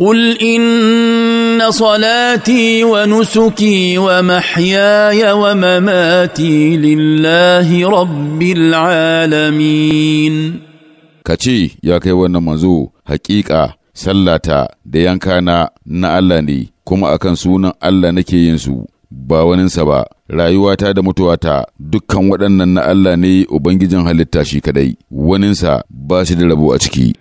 قل wa صلاتي ونسكي ومحياي ومماتي لله رب العالمين kace ya kai wannan manzo haƙiƙa, sallata da yanka na Allah ne kuma akan sunan Allah nake yin su ba waninsa ba rayuwata da mutuwata dukkan waɗannan na Allah ne ubangijin halitta shi kaɗai. waninsa ba shi da rabo a ciki